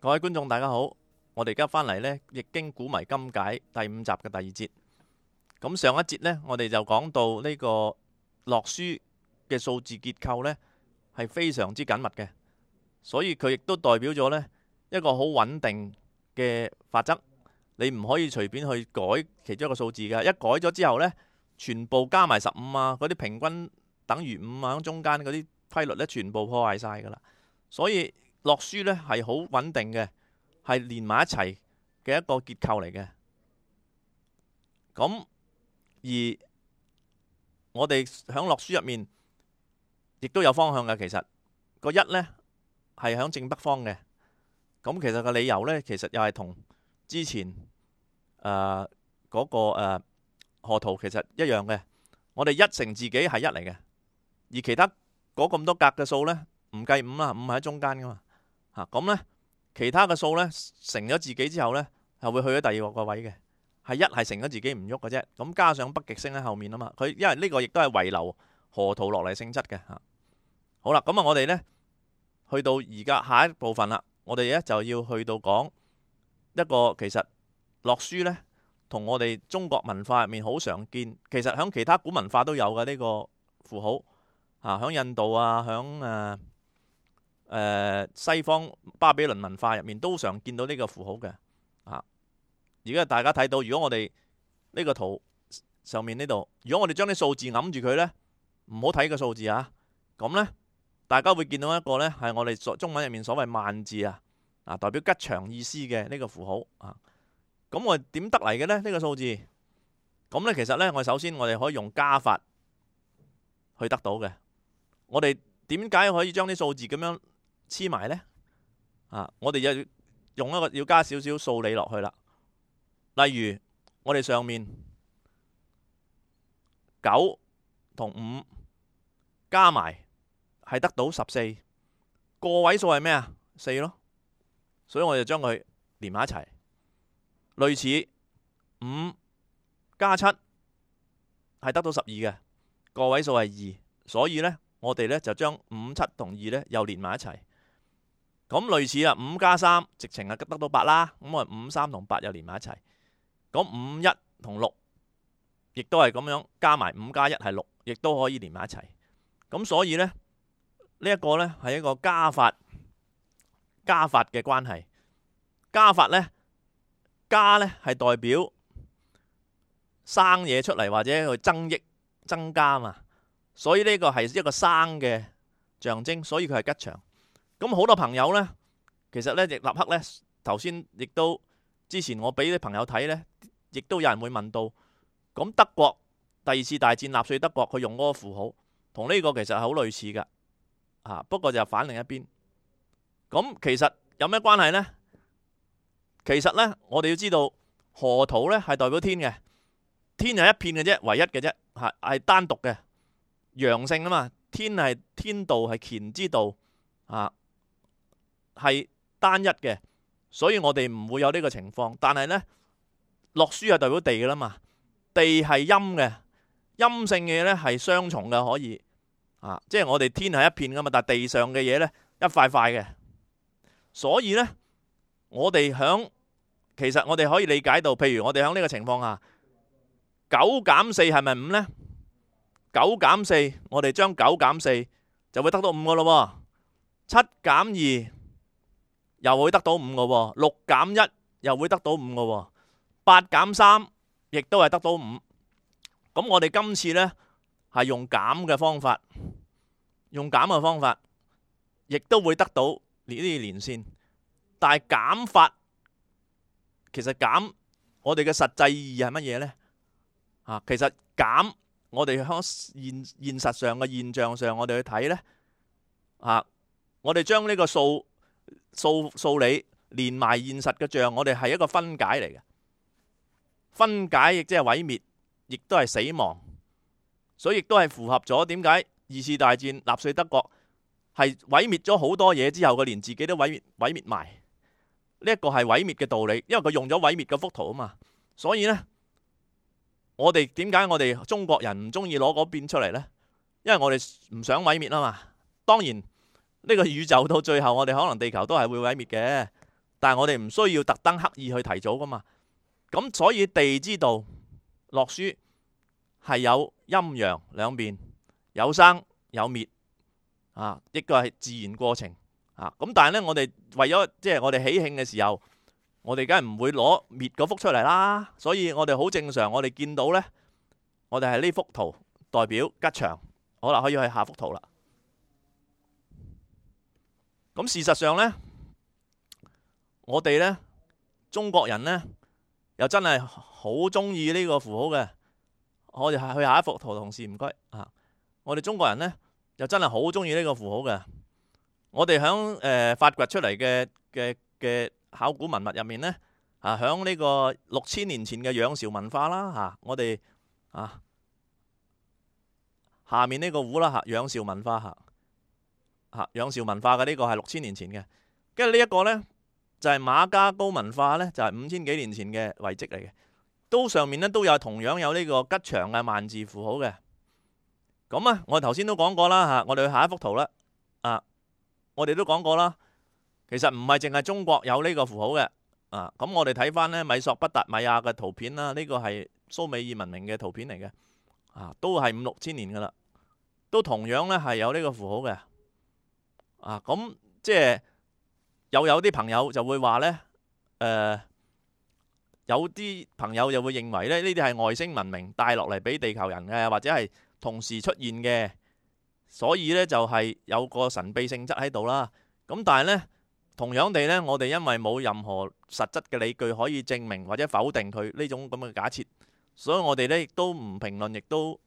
各位觀眾大家好，我哋而家返嚟呢《易經古謎今解》第五集嘅第二節。咁上一節呢，我哋就講到呢個洛書嘅數字結構呢係非常之緊密嘅，所以佢亦都代表咗呢一個好穩定嘅法則。你唔可以隨便去改其中一個數字噶，一改咗之後呢，全部加埋十五啊，嗰啲平均等於五啊，喺中間嗰啲規律呢，全部破壞晒噶啦，所以。落書呢係好穩定嘅，係連埋一齊嘅一個結構嚟嘅。咁而我哋響落書入面，亦都有方向嘅。其實個一呢係響正北方嘅。咁其實個理由呢，其實又係同之前誒嗰個誒河圖其實一樣嘅。我哋一乘自己係一嚟嘅，而其他嗰咁多格嘅數呢，唔計五啦，五喺中間噶嘛。咁呢、啊，其他嘅數呢，乘咗自己之後呢，係會去咗第二個位嘅，係一係乘咗自己唔喐嘅啫。咁加上北極星喺後面啊嘛，佢因為呢個亦都係遺留河圖落嚟性質嘅嚇。好啦，咁啊，我哋呢，去到而家下一部分啦，我哋呢，就要去到講一個其實洛書呢，同我哋中國文化入面好常見，其實喺其他古文化都有嘅呢、呢個符號啊，喺印度啊，喺誒。啊誒、呃、西方巴比倫文化入面都常見到呢個符號嘅，啊！而家大家睇到，如果我哋呢個圖上面呢度，如果我哋將啲數字揞住佢呢，唔好睇個數字啊，咁呢，大家會見到一個呢係我哋中文入面所謂萬字啊，啊代表吉祥意思嘅呢個符號啊。咁我點得嚟嘅呢？呢、這個數字，咁呢，其實呢，我首先我哋可以用加法去得到嘅。我哋點解可以將啲數字咁樣？黐埋咧啊！我哋又用一個要加少少數理落去啦。例如我哋上面九同五加埋係得到十四，個位數係咩啊？四咯，所以我就將佢連埋一齊。類似五加七係得到十二嘅，個位數係二，所以呢，我哋呢就將五七同二呢又連埋一齊。咁類似啊，五加三，直情啊得到八啦。咁我五三同八又連埋一齊。咁五一同六，亦都係咁樣，加埋五加一係六，亦都可以連埋一齊。咁所以呢，呢一個呢係一個加法加法嘅關係。加法呢，加呢係代表生嘢出嚟，或者去增益、增加嘛。所以呢個係一個生嘅象徵，所以佢係吉祥。咁好多朋友呢，其實呢，亦立刻呢，頭先亦都之前我俾啲朋友睇呢，亦都有人會問到，咁德國第二次大戰納粹德國佢用嗰個符號，同呢個其實係好類似㗎，不過就反另一邊。咁其實有咩關係呢？其實呢，我哋要知道河圖呢係代表天嘅，天係一片嘅啫，唯一嘅啫，係係單獨嘅陽性啊嘛，天係天道係乾之道啊。係單一嘅，所以我哋唔會有呢個情況。但係呢，洛書係代表地噶啦嘛，地係陰嘅，陰性嘅嘢呢係雙重嘅，可以啊，即係我哋天係一片噶嘛，但係地上嘅嘢呢，一塊塊嘅，所以呢，我哋響其實我哋可以理解到，譬如我哋喺呢個情況下，九減四係咪五呢？九減四，4，我哋將九減四就會得到五個咯。七減二。又會得到五個喎，六減一又會得到五個喎，八減三亦都係得到五。咁我哋今次呢係用減嘅方法，用減嘅方法，亦都會得到呢啲連線。但係減法其實減我哋嘅實際意義係乜嘢呢？啊，其實減我哋喺現現實上嘅現象上，我哋去睇呢，啊，我哋將呢個數。數數理連埋現實嘅像，我哋係一個分解嚟嘅，分解亦即係毀滅，亦都係死亡，所以亦都係符合咗點解二次大戰納粹德國係毀滅咗好多嘢之後，佢連自己都毀滅毀滅埋。呢一個係毀滅嘅道理，因為佢用咗毀滅嘅幅圖啊嘛，所以呢，我哋點解我哋中國人唔中意攞嗰邊出嚟呢？因為我哋唔想毀滅啊嘛，當然。呢個宇宙到最後，我哋可能地球都係會毀滅嘅，但係我哋唔需要特登刻意去提早噶嘛。咁所以地之道，洛書係有陰陽兩面，有生有滅啊，一個係自然過程啊。咁但係呢，我哋為咗即係我哋喜慶嘅時候，我哋梗係唔會攞滅嗰幅出嚟啦。所以我哋好正常，我哋見到呢，我哋係呢幅圖代表吉祥，好啦，可以去下幅圖啦。咁事實上呢，我哋呢中國人呢，又真係好中意呢個符號嘅。我哋係去下一幅圖同事，唔該啊。我哋中國人呢，又真係好中意呢個符號嘅。我哋響誒發掘出嚟嘅嘅嘅考古文物入面呢，啊，響呢個六千年前嘅仰韶文化啦，啊，我哋啊下面呢個壺啦嚇，仰韶文化嚇，吓、啊，仰韶文化嘅呢、這個係六千年前嘅，跟住呢一個呢，就係、是、馬家高文化呢就係五千幾年前嘅遺迹嚟嘅。都上面咧都有同樣有呢個吉祥嘅萬字符號嘅。咁啊，我頭先都講過啦吓、啊，我哋去下一幅圖啦。啊，我哋都講過啦，其實唔係淨係中國有呢個符號嘅。啊，咁、嗯、我哋睇翻呢米索不達米亞嘅圖片啦，呢、這個係蘇美爾文明嘅圖片嚟嘅。啊，都係五六千年噶啦，都同樣呢係有呢個符號嘅。啊，咁即係又有啲朋友就會話呢，誒、呃，有啲朋友又會認為呢，呢啲係外星文明帶落嚟俾地球人嘅，或者係同時出現嘅，所以呢，就係有個神秘性質喺度啦。咁但係呢，同樣地呢，我哋因為冇任何實質嘅理據可以證明或者否定佢呢種咁嘅假設，所以我哋呢亦都唔評論，亦都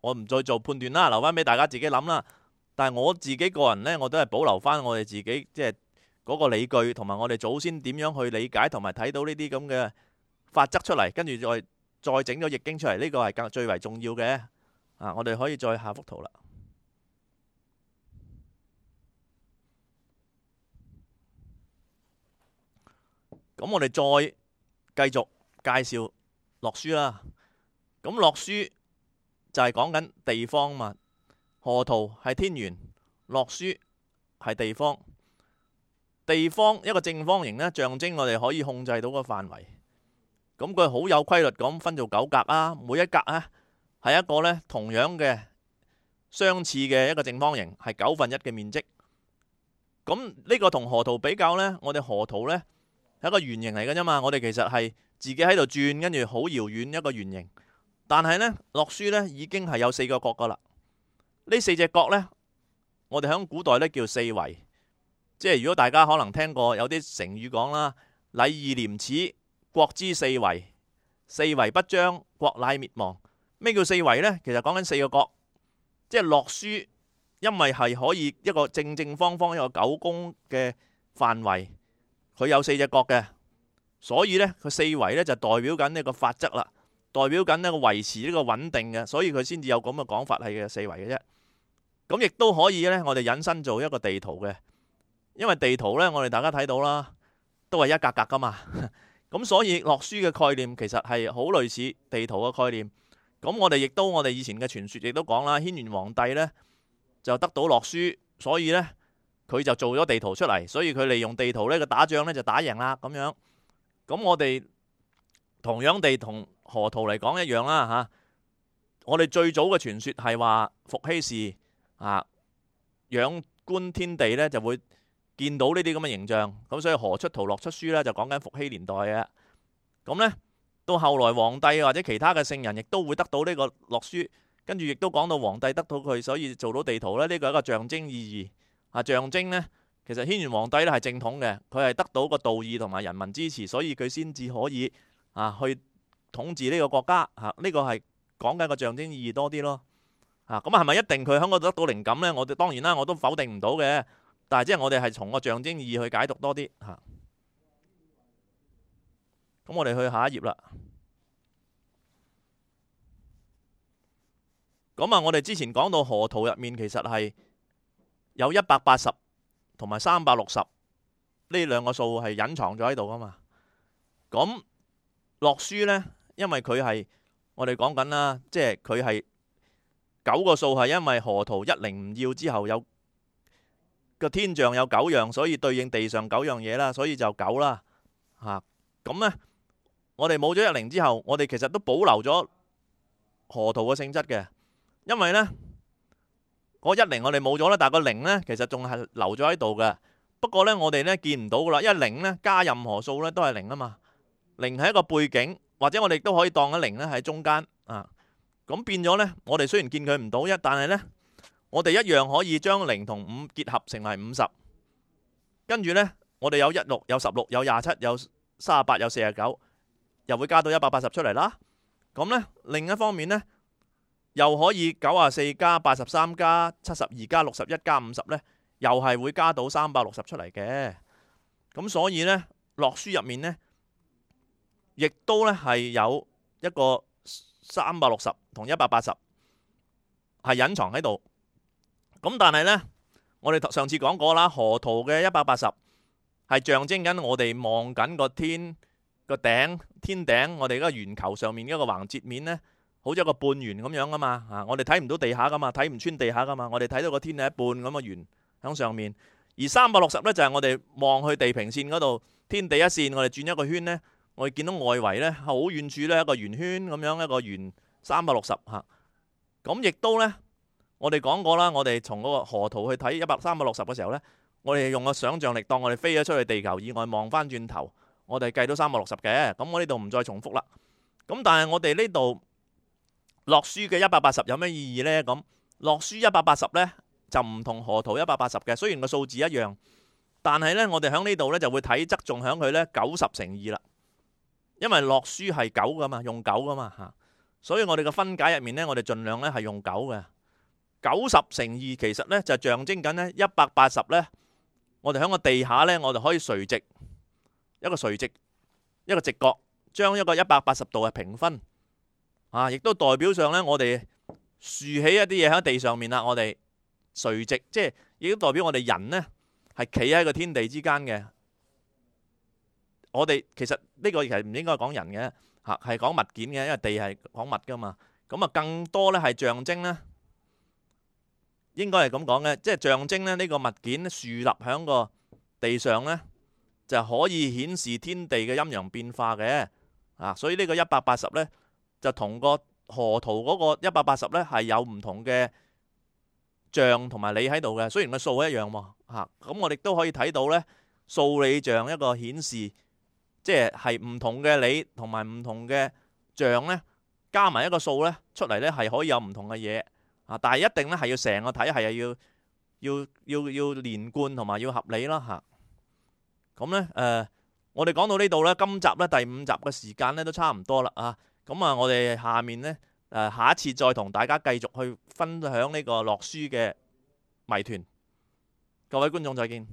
我唔再做判斷啦，留翻俾大家自己諗啦。但係我自己個人呢，我都係保留返，我哋自己即係嗰個理據，同埋我哋祖先點樣去理解，同埋睇到呢啲咁嘅法則出嚟，跟住再再整咗易經出嚟，呢個係更最為重要嘅。啊，我哋可以再下幅圖啦。咁我哋再繼續介紹洛書啦。咁洛書就係講緊地方嘛。河圖係天圓，洛書係地方。地方一個正方形呢，象徵我哋可以控制到個範圍。咁佢好有規律咁分做九格啊，每一格啊係一個呢同樣嘅相似嘅一個正方形，係九分一嘅面積。咁、這、呢個同河圖比較呢，我哋河圖呢，係一個圓形嚟嘅啫嘛。我哋其實係自己喺度轉，跟住好遙遠一個圓形。但係呢，洛書呢已經係有四個角噶啦。呢四隻角呢，我哋喺古代呢叫四維。即係如果大家可能聽過有啲成語講啦，禮義廉恥，國之四維。四維不張，國乃滅亡。咩叫四維呢？其實講緊四個角，即係洛書，因為係可以一個正正方方一個九宮嘅範圍，佢有四隻角嘅，所以呢，佢四維呢就代表緊呢個法則啦，代表緊呢個維持呢個穩定嘅，所以佢先至有咁嘅講法係嘅四維嘅啫。咁亦都可以呢，我哋引申做一個地圖嘅，因為地圖呢，我哋大家睇到啦，都係一格格噶嘛。咁所以洛書嘅概念，其實係好類似地圖嘅概念。咁我哋亦都我哋以前嘅傳說亦都講啦，軒轅皇帝呢就得到洛書，所以呢，佢就做咗地圖出嚟，所以佢利用地圖呢個打仗呢，就打贏啦咁樣。咁我哋同樣地同河圖嚟講一樣啦吓。我哋最早嘅傳說係話伏羲氏。啊，仰觀天地咧，就會見到呢啲咁嘅形象。咁所以河出圖洛出書咧，就講緊伏羲年代嘅。咁咧到後來皇帝或者其他嘅聖人，亦都會得到呢個洛書，跟住亦都講到皇帝得到佢，所以做到地圖咧，呢個係一個象徵意義。啊，象徵呢，其實軒轅皇帝咧係正統嘅，佢係得到個道義同埋人民支持，所以佢先至可以啊去統治呢個國家。吓、啊，呢個係講緊個象徵意義多啲咯。啊，咁係咪一定佢喺嗰度得到靈感呢？我哋當然啦，我都否定唔到嘅。但係即係我哋係從個象徵意去解讀多啲。吓，啊，咁我哋去下一頁啦。咁啊，我哋之前講到河圖入面，其實係有一百八十同埋三百六十呢兩個數係隱藏咗喺度噶嘛。咁洛書呢，因為佢係我哋講緊啦，即係佢係。九個數，係因為河圖一零唔要之後，有個天象有九樣，所以對應地上九樣嘢啦，所以就九啦。吓，咁呢，我哋冇咗一零之後，我哋其實都保留咗河圖嘅性質嘅。因為呢，個一零我哋冇咗啦，但係個零呢其實仲係留咗喺度嘅。不過呢，我哋呢見唔到噶啦，因為零呢加任何數呢都係零啊嘛。零係一個背景，或者我哋都可以當個零呢喺中間啊。咁變咗呢，我哋雖然見佢唔到一，但係呢，我哋一樣可以將零同五結合成為五十。跟住呢，我哋有一六、有十六、有廿七、有三十八、有四十九，又會加到一百八十出嚟啦。咁呢，另一方面呢，又可以九十四加八十三加七十二加六十一加五十呢，又係會加到三百六十出嚟嘅。咁所以呢，洛書入面呢，亦都呢係有一個。三百六十同一百八十係隱藏喺度，咁但係呢，我哋上次講過啦，河圖嘅一百八十係象徵緊我哋望緊個天個頂天頂，我哋個圓球上面一個橫截面呢，好似一個半圓咁樣噶嘛，吓我哋睇唔到地下噶嘛，睇唔穿地下噶嘛，我哋睇到個天係一半咁嘅圓喺上面，而三百六十呢，就係我哋望去地平綫嗰度，天地一綫，我哋轉一個圈呢。我哋見到外圍呢，好遠處呢，一個圓圈咁樣，一個圓三百六十嚇。咁亦都呢，我哋講過啦。我哋從嗰個河圖去睇一百三百六十嘅時候呢，我哋用個想像力，當我哋飛咗出去地球以外望翻轉頭，我哋計到三百六十嘅。咁我呢度唔再重複啦。咁但係我哋呢度落書嘅一百八十有咩意義呢？咁落書一百八十呢，就唔同河圖一百八十嘅，雖然個數字一樣，但係呢，我哋喺呢度呢，就會睇則仲喺佢呢，九十乘二啦。因為洛書係九噶嘛，用九噶嘛吓，所以我哋嘅分解入面呢，我哋盡量呢係用九嘅，九十乘二其實呢，就是、象徵緊呢一百八十呢。我哋喺個地下呢，我哋可以垂直一個垂直一個直角，將一個一百八十度嘅平分啊，亦都代表上呢。我哋豎起一啲嘢喺地上面啦，我哋垂直即係亦都代表我哋人呢，係企喺個天地之間嘅。我哋其實呢個其實唔應該講人嘅嚇，係講物件嘅，因為地係講物噶嘛。咁啊，更多咧係象徵咧，應該係咁講嘅，即係象徵咧呢個物件樹立喺個地上咧，就可以顯示天地嘅陰陽變化嘅啊。所以呢個一百八十咧，就同個河圖嗰個一百八十咧係有唔同嘅象同埋理喺度嘅。雖然個數一樣喎嚇，咁我哋都可以睇到咧數理象一個顯示。即係唔同嘅理同埋唔同嘅象呢，加埋一個數呢，出嚟呢係可以有唔同嘅嘢啊！但係一定咧係要成個體系啊，要要要要連貫同埋要合理啦吓。咁呢，誒、呃，我哋講到呢度呢，今集呢，第五集嘅時間呢，都差唔多啦啊！咁啊，我哋下面呢，誒，下一次再同大家繼續去分享呢個洛書嘅謎團。各位觀眾再見。